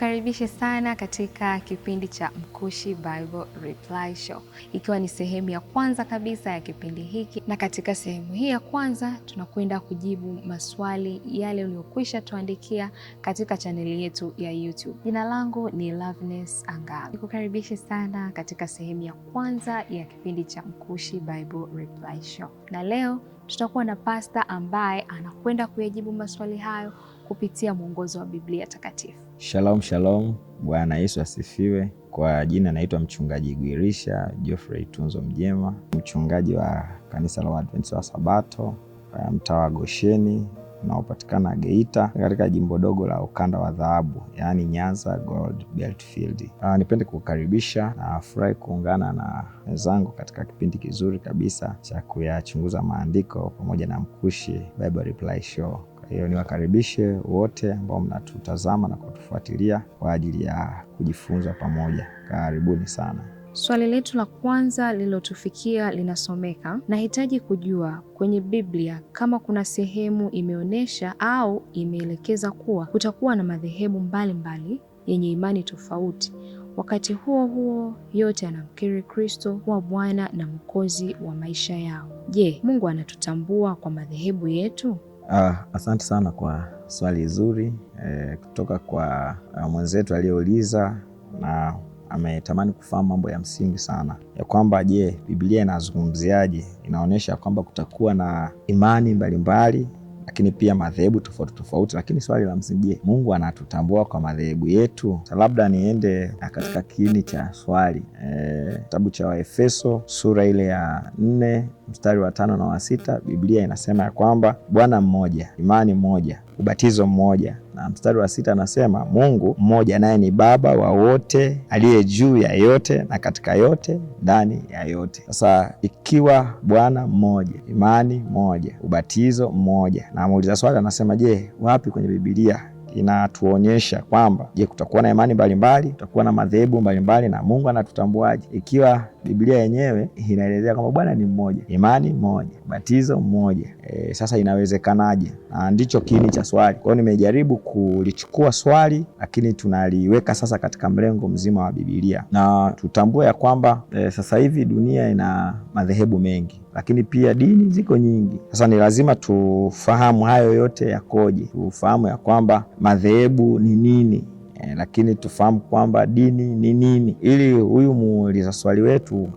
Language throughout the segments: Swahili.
Nikukaribishe sana katika kipindi cha Mkushi Bible Reply Show, ikiwa ni sehemu ya kwanza kabisa ya kipindi hiki, na katika sehemu hii ya kwanza tunakwenda kujibu maswali yale uliyokwisha tuandikia katika chaneli yetu ya YouTube. Jina langu ni Loveness Angala. Nikukaribishe sana katika sehemu ya kwanza ya kipindi cha Mkushi Bible Reply Show, na leo tutakuwa na pasta ambaye anakwenda kuyajibu maswali hayo kupitia mwongozo wa Biblia Takatifu. Shalom shalom, Bwana Yesu asifiwe. Kwa jina naitwa Mchungaji Gwirisha Geoffrey Tunzo Mjema, mchungaji wa kanisa la Waadventista wa Sabato eh, mtaa wa Gosheni unaopatikana Geita katika jimbo dogo la ukanda wa dhahabu, yaani Nyanza Gold Belt Field. Ah, nipende kukaribisha na furahi kuungana na wenzangu katika kipindi kizuri kabisa cha kuyachunguza maandiko pamoja na Mkushi Bible Reply Show hiyo niwakaribishe wote ambao mnatutazama na kutufuatilia kwa ajili ya kujifunza pamoja. Karibuni sana. Swali letu la kwanza lililotufikia linasomeka: nahitaji kujua kwenye Biblia kama kuna sehemu imeonyesha au imeelekeza kuwa kutakuwa na madhehebu mbalimbali yenye imani tofauti, wakati huo huo yote anamkiri Kristo kuwa Bwana na Mwokozi wa maisha yao. Je, Mungu anatutambua kwa madhehebu yetu? Ah, asante sana kwa swali zuri eh, kutoka kwa ah, mwenzetu aliyeuliza na ametamani kufahamu mambo ya msingi sana ya kwamba je, Biblia inazungumziaje? Inaonyesha kwamba kutakuwa na imani mbalimbali mbali, lakini pia madhehebu tofauti tofauti, lakini swali la msingi, je, Mungu anatutambua kwa madhehebu yetu? Labda niende ah, katika kiini cha swali eh, kitabu e, cha Waefeso sura ile ya nne mstari wa tano na wa sita Biblia inasema ya kwamba Bwana mmoja, imani moja, ubatizo mmoja, na mstari wa sita anasema Mungu mmoja, naye ni Baba wa wote, aliye juu ya yote na katika yote, ndani ya yote. Sasa ikiwa Bwana mmoja, imani moja, ubatizo mmoja, na muuliza swali anasema, je, wapi kwenye Biblia inatuonyesha kwamba je, kutakuwa na imani mbalimbali, utakuwa na madhehebu mbalimbali, na Mungu anatutambuaje ikiwa Biblia yenyewe inaelezea kwamba Bwana ni mmoja, imani moja, batizo mmoja. E, sasa inawezekanaje? Na ndicho kiini cha swali. Kwa hiyo nimejaribu kulichukua swali, lakini tunaliweka sasa katika mlengo mzima wa Biblia, na tutambue ya kwamba e, sasa hivi dunia ina madhehebu mengi lakini pia dini ziko nyingi. Sasa ni lazima tufahamu hayo yote yakoje, tufahamu ya kwamba madhehebu ni nini e, lakini tufahamu kwamba dini ni nini, ili huyu muuliza swali wetu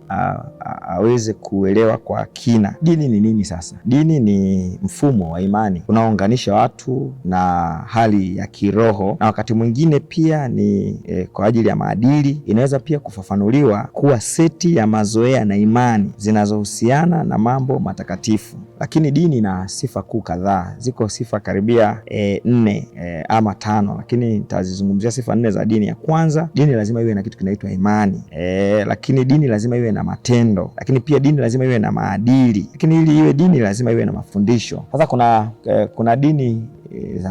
aweze kuelewa kwa kina dini ni nini. Sasa dini ni mfumo wa imani unaounganisha watu na hali ya kiroho, na wakati mwingine pia ni e, kwa ajili ya maadili. Inaweza pia kufafanuliwa kuwa seti ya mazoea na imani zinazohusiana na mambo matakatifu. Lakini dini ina sifa kuu kadhaa, ziko sifa karibia e, nne e, ama tano, lakini nitazizungumzia sifa nne za dini. Ya kwanza, dini lazima iwe na kitu kinaitwa imani e, lakini dini lazima iwe na matendo, lakini pia dini lazima iwe na maadili, lakini ili iwe dini lazima iwe na mafundisho. Sasa kuna eh, kuna dini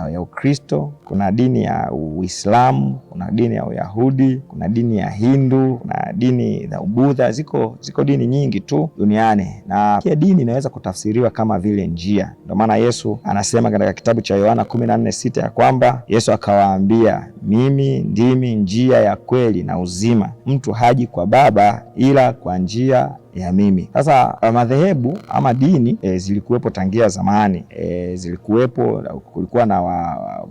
ya eh, Ukristo, kuna dini ya Uislamu, kuna dini ya Uyahudi, kuna dini ya Hindu, kuna dini za Ubudha. Ziko, ziko dini nyingi tu duniani, na pia dini inaweza kutafsiriwa kama vile njia. Ndio maana Yesu anasema katika kitabu cha Yohana 14:6 ya kwamba Yesu akawaambia, mimi ndimi njia ya kweli na uzima, mtu haji kwa Baba ila kwa njia ya mimi. Sasa eh, madhehebu ama dini e, zilikuwepo tangia zamani e, zilikuwepo, kulikuwa na wa,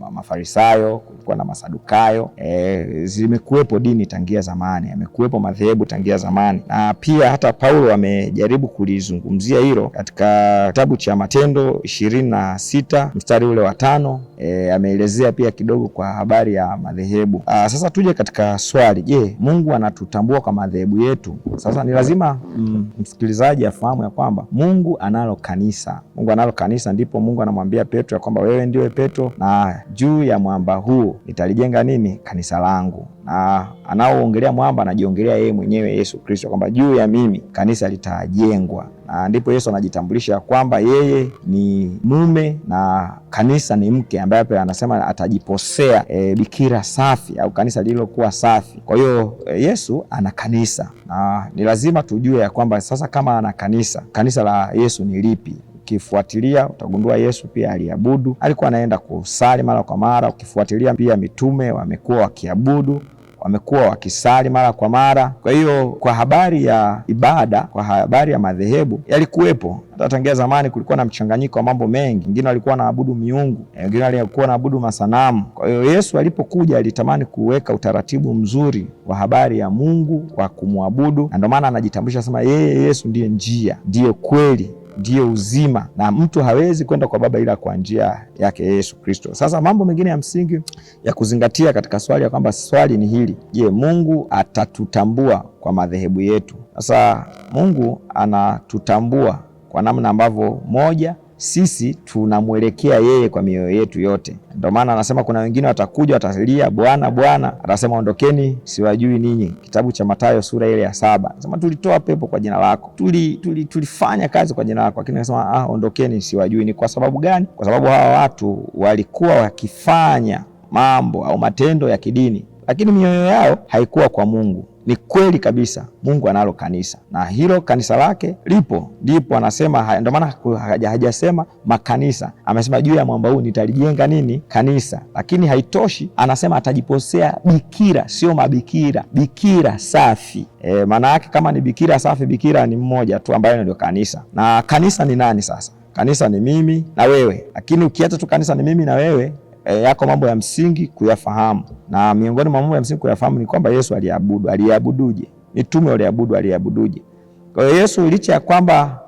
wa, Mafarisayo, kulikuwa na Masadukayo e, zimekuwepo dini tangia zamani, yamekuwepo madhehebu tangia zamani, na pia hata Paulo amejaribu kulizungumzia hilo katika kitabu cha Matendo ishirini na sita mstari ule wa tano e, ameelezea pia kidogo kwa habari ya madhehebu. Ah, sasa tuje katika swali, je, Mungu anatutambua kwa madhehebu yetu? Sasa ni lazima mm, msikilizaji afahamu ya kwamba Mungu analo kanisa. Mungu analo kanisa, ndipo Mungu anamwambia Petro ya kwamba wewe ndiwe Petro, na juu ya mwamba huu nitalijenga nini? Kanisa langu. Na anaoongelea mwamba anajiongelea yeye mwenyewe Yesu Kristo, kwamba juu ya mimi kanisa litajengwa. Ah, ndipo Yesu anajitambulisha kwamba yeye ni mume na kanisa ni mke ambaye anasema atajiposea e, bikira safi au kanisa lililokuwa safi. Kwa hiyo e, Yesu ana kanisa na ni lazima tujue ya kwamba sasa kama ana kanisa, kanisa la Yesu ni lipi? Ukifuatilia utagundua Yesu pia aliabudu, alikuwa anaenda kusali mara kwa mara. Ukifuatilia pia mitume wamekuwa wakiabudu wamekuwa wakisali mara kwa mara. Kwa hiyo kwa habari ya ibada, kwa habari ya madhehebu yalikuwepo hata tangia zamani, kulikuwa na mchanganyiko wa mambo mengi. Wengine walikuwa naabudu miungu, wengine walikuwa naabudu masanamu. Kwa hiyo Yesu alipokuja alitamani kuweka utaratibu mzuri wa habari ya Mungu wa kumwabudu, na ndio maana anajitambulisha sema yeye Yesu ndiye njia, ndiye kweli ndio uzima, na mtu hawezi kwenda kwa Baba ila kwa njia yake Yesu Kristo. Sasa mambo mengine ya msingi ya kuzingatia katika swali ya kwamba swali ni hili, je, Mungu atatutambua kwa madhehebu yetu? Sasa Mungu anatutambua kwa namna ambavyo moja sisi tunamwelekea yeye kwa mioyo yetu yote. Ndio maana anasema kuna wengine watakuja watalia, Bwana Bwana, atasema ondokeni, siwajui ninyi. Kitabu cha Mathayo sura ile ya saba anasema tulitoa pepo kwa jina lako, tuli, tuli, tulifanya kazi kwa jina lako, lakini anasema ah, ondokeni, siwajui. Ni kwa sababu gani? Kwa sababu hawa watu walikuwa wakifanya mambo au matendo ya kidini, lakini mioyo yao haikuwa kwa Mungu. Ni kweli kabisa, Mungu analo kanisa na hilo kanisa lake lipo, ndipo anasema. Ndio maana hajasema makanisa, amesema juu ya mwamba huu nitalijenga nini? Kanisa. Lakini haitoshi, anasema atajiposea bikira, sio mabikira, bikira safi. E, maana yake kama ni bikira safi, bikira ni mmoja tu ambayo ndio kanisa. Na kanisa ni nani sasa? Kanisa ni mimi na wewe, lakini ukiacha tu kanisa ni mimi na wewe e, yako mambo ya msingi kuyafahamu, na miongoni mwa mambo ya msingi kuyafahamu ni kwamba Yesu aliabudu. Aliabuduje? Mitume waliabudu, aliabuduje? Kwa hiyo Yesu licha ya kwamba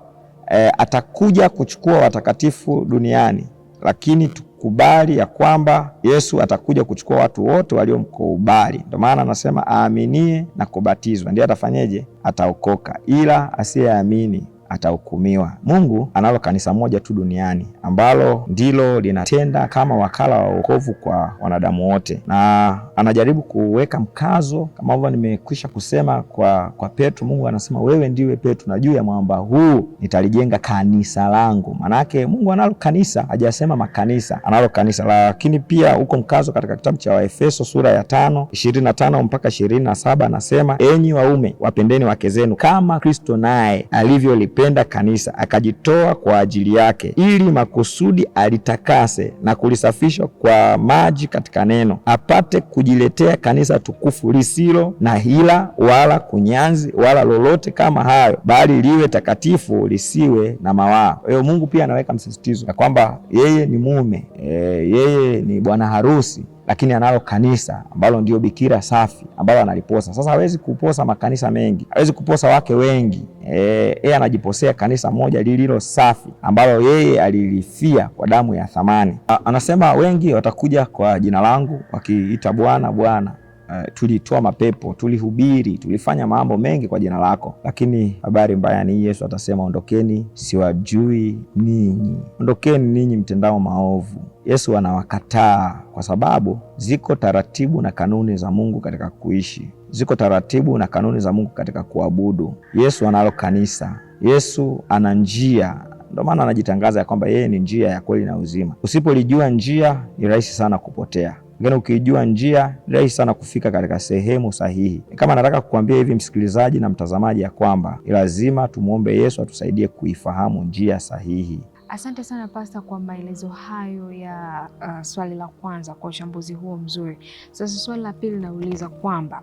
e, atakuja kuchukua watakatifu duniani, lakini tukubali ya kwamba Yesu atakuja kuchukua watu wote waliomkubali. Ndio maana anasema aaminie na kubatizwa ndiye atafanyeje? Ataokoka, ila asiyeamini atahukumiwa. Mungu analo kanisa moja tu duniani ambalo ndilo linatenda kama wakala wa wokovu kwa wanadamu wote, na anajaribu kuweka mkazo kama ambavyo nimekwisha kusema kwa, kwa Petro. Mungu anasema wewe ndiwe Petro na juu ya mwamba huu nitalijenga kanisa langu. manake Mungu analo kanisa, hajasema makanisa, analo kanisa. Lakini pia huko mkazo katika kitabu cha Waefeso sura ya tano ishirini na tano mpaka ishirini na saba anasema enyi waume wapendeni wake zenu kama Kristo naye alivyolipenda kulipenda kanisa, akajitoa kwa ajili yake, ili makusudi alitakase na kulisafisha kwa maji katika neno, apate kujiletea kanisa tukufu lisilo na hila wala kunyanzi wala lolote kama hayo, bali liwe takatifu, lisiwe na mawaa. Kwa hiyo Mungu pia anaweka msisitizo ya kwamba yeye ni mume e, yeye ni bwana harusi lakini analo kanisa ambalo ndio bikira safi ambalo analiposa. Sasa hawezi kuposa makanisa mengi, hawezi kuposa wake wengi. Eh, yeye e, anajiposea kanisa moja lililo safi ambalo yeye alilifia kwa damu ya thamani. A, anasema wengi watakuja kwa jina langu wakiita Bwana Bwana Uh, tulitoa mapepo, tulihubiri, tulifanya mambo mengi kwa jina lako, lakini habari mbaya ni Yesu atasema, ondokeni, siwajui ninyi, ondokeni ninyi mtendao maovu. Yesu anawakataa kwa sababu ziko taratibu na kanuni za Mungu katika kuishi, ziko taratibu na kanuni za Mungu katika kuabudu. Yesu analo kanisa, Yesu ana njia ndio maana anajitangaza ya kwamba yeye ni njia ya kweli na uzima. Usipolijua njia, ni rahisi sana kupotea. Ngine ukijua njia rahisi sana kufika katika sehemu sahihi. Kama nataka kukuambia hivi msikilizaji na mtazamaji, ya kwamba lazima tumwombe Yesu atusaidie kuifahamu njia sahihi. Asante sana Pasta kwa maelezo hayo ya uh, swali la kwanza kwa uchambuzi huo mzuri. Sasa swali la pili linauliza kwamba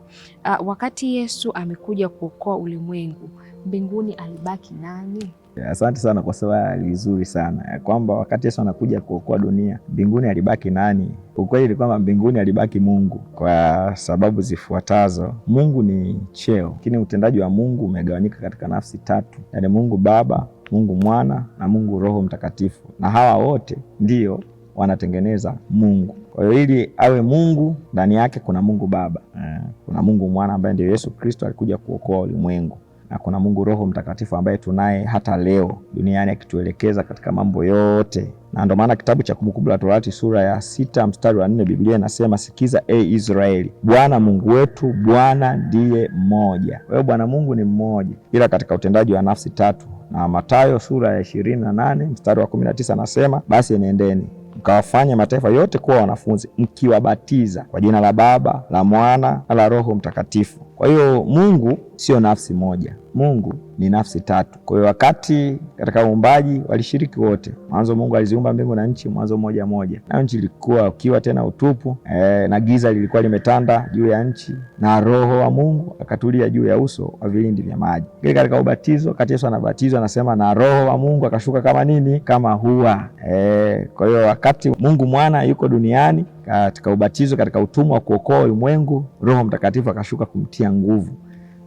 uh, wakati Yesu amekuja kuokoa ulimwengu, mbinguni alibaki nani? Asante sana kwa swali zuri sana, kwamba wakati Yesu anakuja kuokoa dunia, mbinguni alibaki nani? Ukweli ni kwamba mbinguni alibaki Mungu kwa sababu zifuatazo. Mungu ni cheo, lakini utendaji wa Mungu umegawanyika katika nafsi tatu, yaani Mungu Baba, Mungu Mwana na Mungu Roho Mtakatifu, na hawa wote ndio wanatengeneza Mungu. Kwa hiyo ili awe Mungu, ndani yake kuna Mungu Baba, eh, kuna Mungu Mwana ambaye ndio Yesu Kristo alikuja kuokoa ulimwengu na kuna Mungu Roho Mtakatifu ambaye tunaye hata leo duniani akituelekeza katika mambo yote, na ndio maana kitabu cha Kumbukumbu la Torati sura ya sita mstari wa nne Biblia inasema, sikiza e Israeli, Bwana Mungu wetu Bwana ndiye mmoja. hiyo Bwana Mungu ni mmoja, ila katika utendaji wa nafsi tatu. Na Mathayo sura ya ishirini na nane mstari wa kumi na tisa anasema, basi nendeni mkawafanya mataifa yote kuwa wanafunzi mkiwabatiza kwa jina la Baba la Mwana na la Roho Mtakatifu. Kwa hiyo Mungu sio nafsi moja. Mungu ni nafsi tatu. Kwa hiyo wakati katika uumbaji walishiriki wote. Mwanzo Mungu aliziumba mbingu na nchi, Mwanzo moja moja, nayo nchi ilikuwa ukiwa tena utupu e, na giza lilikuwa limetanda juu ya nchi, na Roho wa Mungu akatulia juu ya uso wa vilindi vya maji. Kile katika ubatizo, wakati Yesu anabatizwa anasema, na Roho wa Mungu akashuka kama nini? Kama hua e. Kwa hiyo wakati Mungu mwana yuko duniani katika ubatizo, katika utumwa wa kuokoa ulimwengu, Roho Mtakatifu akashuka kumtia nguvu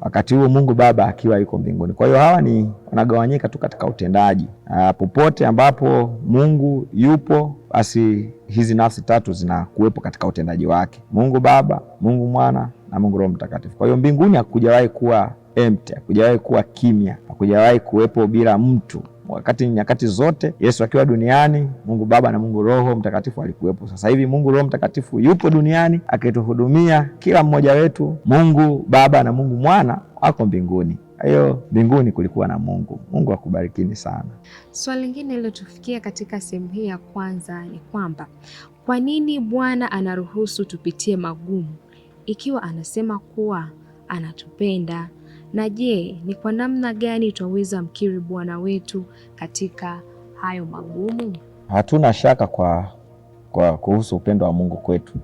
wakati huo Mungu Baba akiwa yuko mbinguni. Kwa hiyo hawa ni wanagawanyika tu katika utendaji. Aa, popote ambapo Mungu yupo basi hizi nafsi tatu zinakuwepo katika utendaji wake: Mungu Baba, Mungu Mwana na Mungu Roho Mtakatifu. Kwa hiyo mbinguni hakujawahi kuwa empty, hakujawahi kuwa kimya, hakujawahi kuwepo bila mtu wakati nyakati zote Yesu akiwa duniani, Mungu Baba na Mungu Roho Mtakatifu alikuwepo. Sasa hivi Mungu Roho Mtakatifu yupo duniani akituhudumia kila mmoja wetu. Mungu Baba na Mungu Mwana wako mbinguni. Kwa hiyo mbinguni kulikuwa na Mungu. Mungu akubarikini sana. Swali lingine lilotufikia katika sehemu hii ya kwanza ni kwamba kwa nini Bwana anaruhusu tupitie magumu ikiwa anasema kuwa anatupenda? na je, ni kwa namna gani twaweza mkiri Bwana wetu katika hayo magumu? Hatuna shaka kwa, kwa kuhusu upendo wa Mungu kwetu.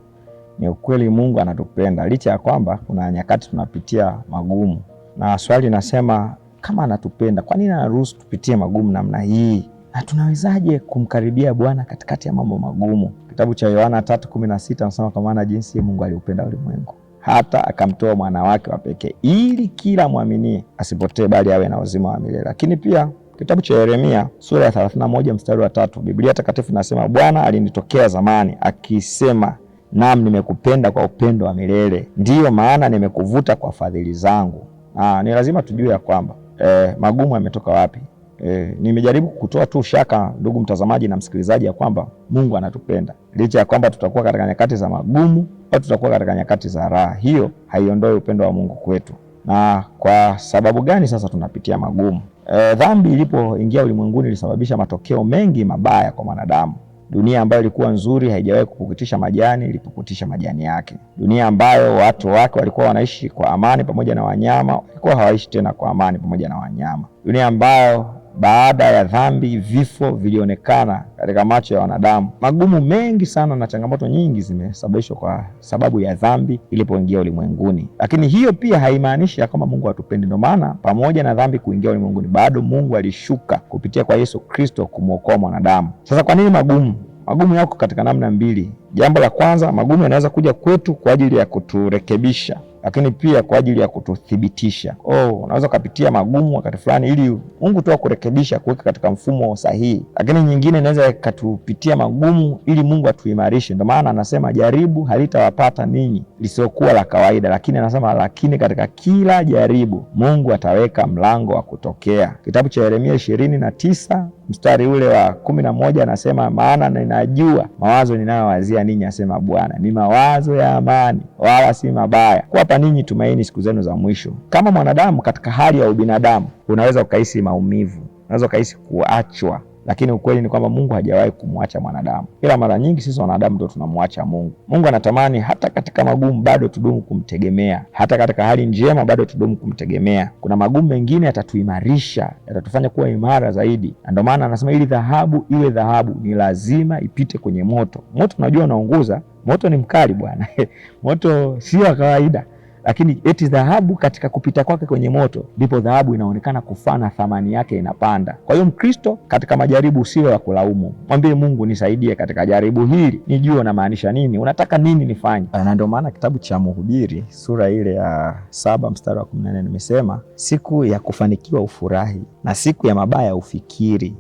Ni ukweli Mungu anatupenda licha ya kwamba kuna nyakati tunapitia magumu, na swali linasema kama anatupenda, kwa nini anaruhusu tupitie magumu namna hii? Na tunawezaje kumkaribia Bwana katikati ya mambo magumu? Kitabu cha Yohana 3:16 anasema, kwa maana jinsi Mungu aliupenda ulimwengu hata akamtoa mwana wake wa pekee ili kila mwaminie asipotee bali awe na uzima wa milele. Lakini pia kitabu cha Yeremia sura ya 31 mstari wa tatu, Biblia Takatifu inasema Bwana alinitokea zamani akisema, nam nimekupenda kwa upendo wa milele, ndiyo maana nimekuvuta kwa fadhili zangu. Aa, ah, ni lazima tujue ya kwamba eh, magumu yametoka wapi? E, nimejaribu kutoa tu shaka ndugu mtazamaji na msikilizaji ya kwamba Mungu anatupenda licha ya kwamba tutakuwa katika nyakati za magumu au tutakuwa katika nyakati za raha. Hiyo haiondoi upendo wa Mungu kwetu. Na kwa sababu gani sasa tunapitia magumu? E, dhambi ilipoingia ulimwenguni ilisababisha matokeo mengi mabaya kwa mwanadamu. Dunia ambayo ilikuwa nzuri haijawahi kupukutisha majani, ilipukutisha majani yake. Dunia ambayo watu wake walikuwa wanaishi kwa amani pamoja na wanyama, walikuwa hawaishi tena kwa amani pamoja na wanyama. Dunia ambayo baada ya dhambi, vifo vilionekana katika macho ya wanadamu. Magumu mengi sana na changamoto nyingi zimesababishwa kwa sababu ya dhambi ilipoingia ulimwenguni, lakini hiyo pia haimaanishi ya kwamba Mungu hatupendi. Ndio maana pamoja na dhambi kuingia ulimwenguni, bado Mungu alishuka kupitia kwa Yesu Kristo kumwokoa mwanadamu. Sasa kwa nini magumu? Magumu yako katika namna mbili. Jambo la kwanza, magumu yanaweza kuja kwetu kwa ajili ya kuturekebisha lakini pia kwa ajili ya kututhibitisha. Oh, unaweza ukapitia magumu wakati fulani, ili Mungu tu akurekebisha, kuweka katika mfumo sahihi. Lakini nyingine inaweza ikatupitia magumu ili Mungu atuimarishe. Ndio maana anasema jaribu halitawapata ninyi lisiokuwa la kawaida, lakini anasema lakini katika kila jaribu Mungu ataweka mlango wa kutokea. Kitabu cha Yeremia ishirini na tisa mstari ule wa kumi na moja anasema maana ninajua mawazo ninayowazia ninyi, asema Bwana, ni mawazo ya amani, wala si mabaya, kwa nawapa ninyi tumaini siku zenu za mwisho. Kama mwanadamu katika hali ya ubinadamu, unaweza ukahisi maumivu, unaweza ukahisi kuachwa, lakini ukweli ni kwamba Mungu hajawahi kumwacha mwanadamu, ila mara nyingi sisi wanadamu ndo tunamwacha Mungu. Mungu anatamani hata katika magumu bado tudumu kumtegemea, hata katika hali njema bado tudumu kumtegemea. Kuna magumu mengine yatatuimarisha, yatatufanya kuwa imara zaidi, na ndio maana anasema ili dhahabu iwe dhahabu ni lazima ipite kwenye moto. Moto unajua unaunguza, moto ni mkali bwana moto sio wa kawaida lakini eti dhahabu katika kupita kwake kwenye moto ndipo dhahabu inaonekana kufana, thamani yake inapanda. Kwa hiyo Mkristo, katika majaribu usiwe wa kulaumu, mwambie Mungu, nisaidie katika jaribu hili, nijue unamaanisha nini, unataka nini nifanye. Eh, na ndio maana kitabu cha Mhubiri sura ile ya saba mstari wa kumi na nne nimesema siku ya kufanikiwa ufurahi na siku ya mabaya ufikiri.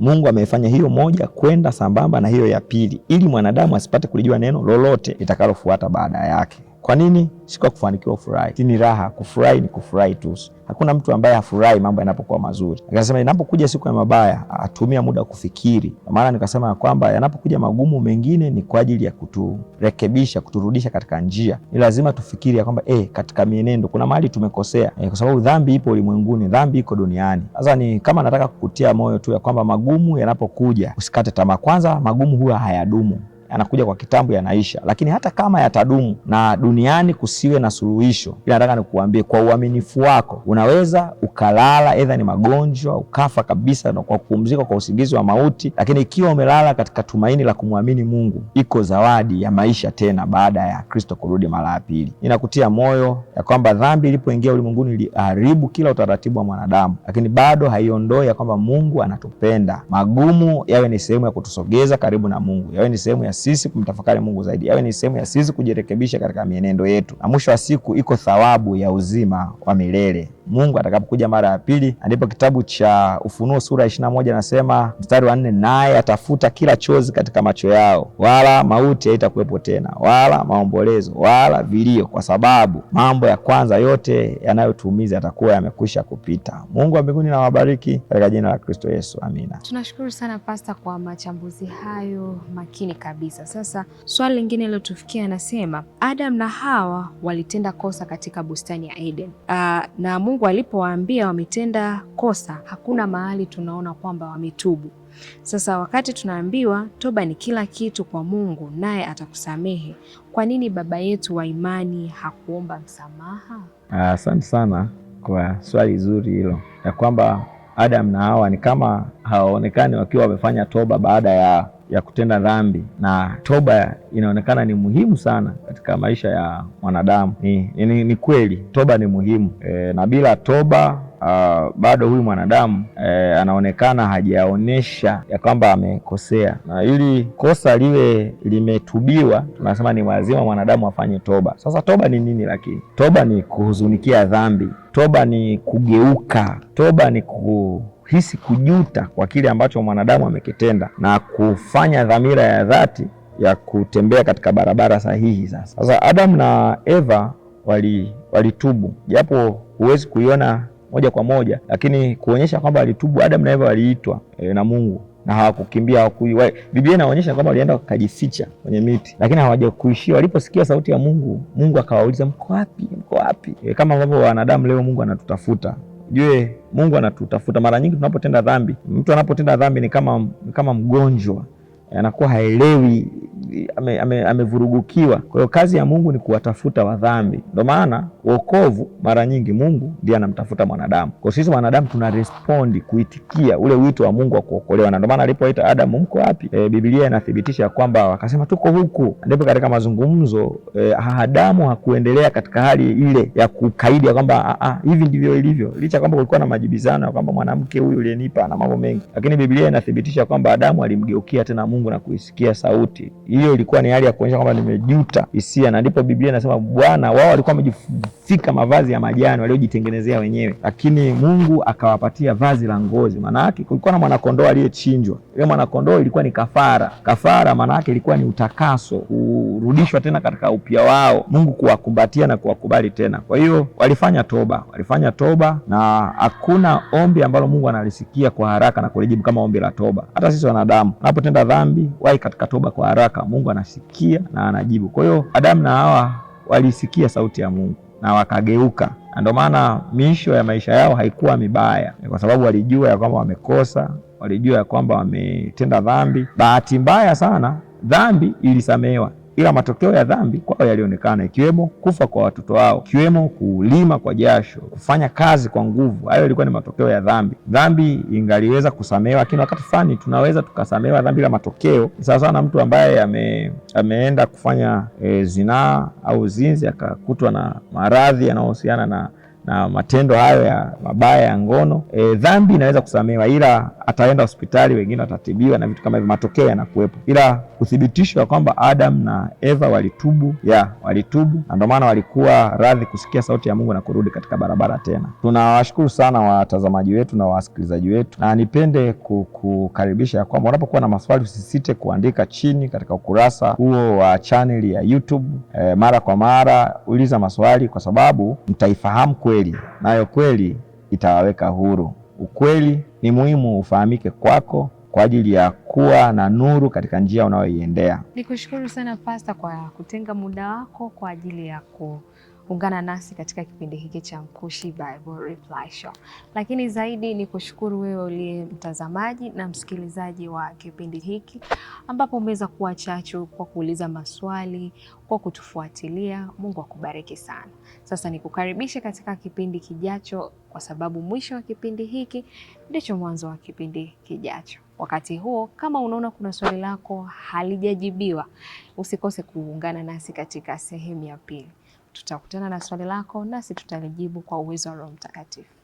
Mungu amefanya hiyo moja kwenda sambamba na hiyo ya pili, ili mwanadamu asipate kulijua neno lolote litakalofuata baada yake. Kwa nini? Si kwa kufanikiwa ufurahi, ni raha. Kufurahi ni kufurahi tu, hakuna mtu ambaye hafurahi mambo yanapokuwa mazuri. Akasema inapokuja siku ya mabaya atumia muda wa kufikiri, kwa maana nikasema ya kwamba yanapokuja magumu mengine ni kwa ajili ya kuturekebisha, kuturudisha katika njia. Ni lazima tufikiri ya kwamba eh, katika mienendo kuna mahali tumekosea, eh, kwa sababu dhambi ipo ulimwenguni, dhambi iko duniani. Sasa ni kama nataka kukutia moyo tu ya kwamba magumu yanapokuja usikate tamaa. Kwanza magumu huwa hayadumu yanakuja kwa kitambo yanaisha, lakini hata kama yatadumu na duniani kusiwe na suluhisho, ili nataka nikuambie kwa uaminifu wako unaweza ukalala, edha ni magonjwa ukafa kabisa na kwa kupumzika kwa usingizi wa mauti, lakini ikiwa umelala katika tumaini la kumwamini Mungu, iko zawadi ya maisha tena baada ya Kristo kurudi mara ya pili. Ninakutia moyo ya kwamba dhambi ilipoingia ulimwenguni iliharibu kila utaratibu wa mwanadamu, lakini bado haiondoi ya kwamba Mungu anatupenda. Magumu yawe ni sehemu ya kutusogeza karibu na Mungu, yawe ni sehemu ya sisi kumtafakari Mungu zaidi, yawe ni sehemu ya sisi kujirekebisha katika mienendo yetu, na mwisho wa siku iko thawabu ya uzima wa milele. Mungu atakapokuja mara ya pili. Ndipo kitabu cha Ufunuo sura ya ishirini na moja nasema mstari wa nne, naye atafuta kila chozi katika macho yao, wala mauti haitakuwepo tena, wala maombolezo, wala vilio, kwa sababu mambo ya kwanza yote yanayotuumiza yatakuwa yamekwisha kupita. Mungu wa mbinguni na wabariki katika jina la Kristo Yesu, amina. Tunashukuru sana Pasta kwa machambuzi hayo makini kabisa. Sasa swali lingine lilotufikia anasema, Adam na Hawa walitenda kosa katika bustani ya Eden. Uh, na Mungu Mungu alipowaambia wametenda kosa, hakuna mahali tunaona kwamba wametubu. Sasa wakati tunaambiwa toba ni kila kitu kwa Mungu naye atakusamehe, kwa nini baba yetu wa imani hakuomba msamaha? Ah, asante sana kwa swali zuri hilo, ya kwamba Adam na Hawa ni kama hawaonekani wakiwa wamefanya toba baada ya ya kutenda dhambi, na toba inaonekana ni muhimu sana katika maisha ya mwanadamu. Ni, ni, ni kweli toba ni muhimu e, na bila toba Uh, bado huyu mwanadamu eh, anaonekana hajaonyesha ya kwamba amekosea, na ili kosa liwe limetubiwa, tunasema ni lazima mwanadamu afanye toba. Sasa toba ni nini? Lakini toba ni kuhuzunikia dhambi, toba ni kugeuka, toba ni ku kuhisi kujuta kwa kile ambacho mwanadamu amekitenda na kufanya dhamira ya dhati ya kutembea katika barabara sahihi. Sasa sasa Adam na Eva walitubu japo huwezi kuiona moja kwa moja, lakini kuonyesha kwamba walitubu. Adam na Eva waliitwa e, na Mungu na hawakukimbia hawakui. Biblia inaonyesha kwamba walienda wakajificha kwenye miti, lakini hawajakuishia. Waliposikia sauti ya Mungu, Mungu akawauliza mko wapi? Mko wapi? E, kama ambavyo wanadamu leo Mungu anatutafuta jue Mungu anatutafuta? Mara nyingi tunapotenda dhambi, mtu anapotenda dhambi ni kama, kama mgonjwa anakuwa haelewi, amevurugukiwa. Ame kwa hiyo kazi ya Mungu ni kuwatafuta wadhambi. Ndio maana wokovu mara nyingi Mungu ndiye anamtafuta mwanadamu. Kwa sisi wanadamu tuna respondi kuitikia ule wito wa Mungu wa kuokolewa, na ndio maana alipoita Adamu, mko wapi? E, Biblia inathibitisha kwamba wakasema tuko huku, ndipo katika mazungumzo e, Adamu hakuendelea katika hali ile ya kukaidi ya kwamba ah, ah, hivi ndivyo ilivyo, licha kwamba kulikuwa na majibizano ya kwamba mwanamke huyu uliyenipa na mambo mengi, lakini Biblia inathibitisha kwamba Adamu alimgeukia tena Mungu Mungu na kuisikia sauti. Hiyo ilikuwa ni hali ya kuonyesha kwamba nimejuta hisia, na ndipo Biblia inasema Bwana wao walikuwa wamejifika mavazi ya majani waliojitengenezea wenyewe, lakini Mungu akawapatia vazi la ngozi. Maana yake kulikuwa na mwanakondoo aliyechinjwa. Ile mwanakondoo ilikuwa ni kafara. Kafara maana yake ilikuwa ni utakaso, kurudishwa tena katika upya wao, Mungu kuwakumbatia na kuwakubali tena. Kwa hiyo walifanya toba, walifanya toba, na hakuna ombi ambalo Mungu analisikia kwa haraka na kulijibu kama ombi la toba. Hata sisi wanadamu tunapotenda dhambi dhambi, wahi katika toba kwa haraka. Mungu anasikia na anajibu. Kwa hiyo Adamu na Hawa walisikia sauti ya Mungu na wakageuka, na ndio maana miisho ya maisha yao haikuwa mibaya, kwa sababu walijua ya kwamba wamekosa, walijua ya kwamba wametenda dhambi. Bahati mbaya sana, dhambi ilisamehewa ila matokeo ya dhambi kwao yalionekana, ikiwemo kufa kwa watoto wao, ikiwemo kulima kwa jasho, kufanya kazi kwa nguvu. Hayo ilikuwa ni matokeo ya dhambi. Dhambi ingaliweza kusamehewa, lakini wakati fulani tunaweza tukasamehewa dhambi, ila matokeo sawasawa na mtu ambaye ame, ameenda kufanya e, zinaa au zinzi akakutwa na maradhi yanayohusiana na na matendo hayo ya mabaya ya ngono. E, dhambi inaweza kusamehewa, ila ataenda hospitali, wengine watatibiwa na vitu kama hivyo, matokeo yanakuwepo, ila uthibitisho wa kwamba Adam na Eva walitubu, ya walitubu, na ndio maana walikuwa radhi kusikia sauti ya Mungu na kurudi katika barabara tena. Tunawashukuru sana watazamaji wetu na wasikilizaji wetu, na nipende kukaribisha ya kwamba unapokuwa na maswali usisite kuandika chini katika ukurasa huo wa chaneli ya YouTube. E, mara kwa mara uliza maswali kwa sababu mtaifahamu kwe kweli, nayo kweli itawaweka huru. Ukweli ni muhimu ufahamike kwako kwa ajili ya kuwa na nuru katika njia unayoiendea. Nikushukuru sana Pasta kwa kutenga muda wako kwa ajili ya ku kuungana nasi katika kipindi hiki cha Mkushi Bible Reply Show. Lakini zaidi ni kushukuru wewe uliye mtazamaji na msikilizaji wa kipindi hiki ambapo umeweza kuwa chachu kwa kuuliza maswali, kwa kutufuatilia. Mungu akubariki sana. Sasa nikukaribishe katika kipindi kijacho kwa sababu mwisho wa kipindi hiki ndicho mwanzo wa kipindi kijacho. Wakati huo kama unaona kuna swali lako halijajibiwa, usikose kuungana nasi katika sehemu ya pili tutakutana na swali lako nasi tutalijibu kwa uwezo wa Roho Mtakatifu.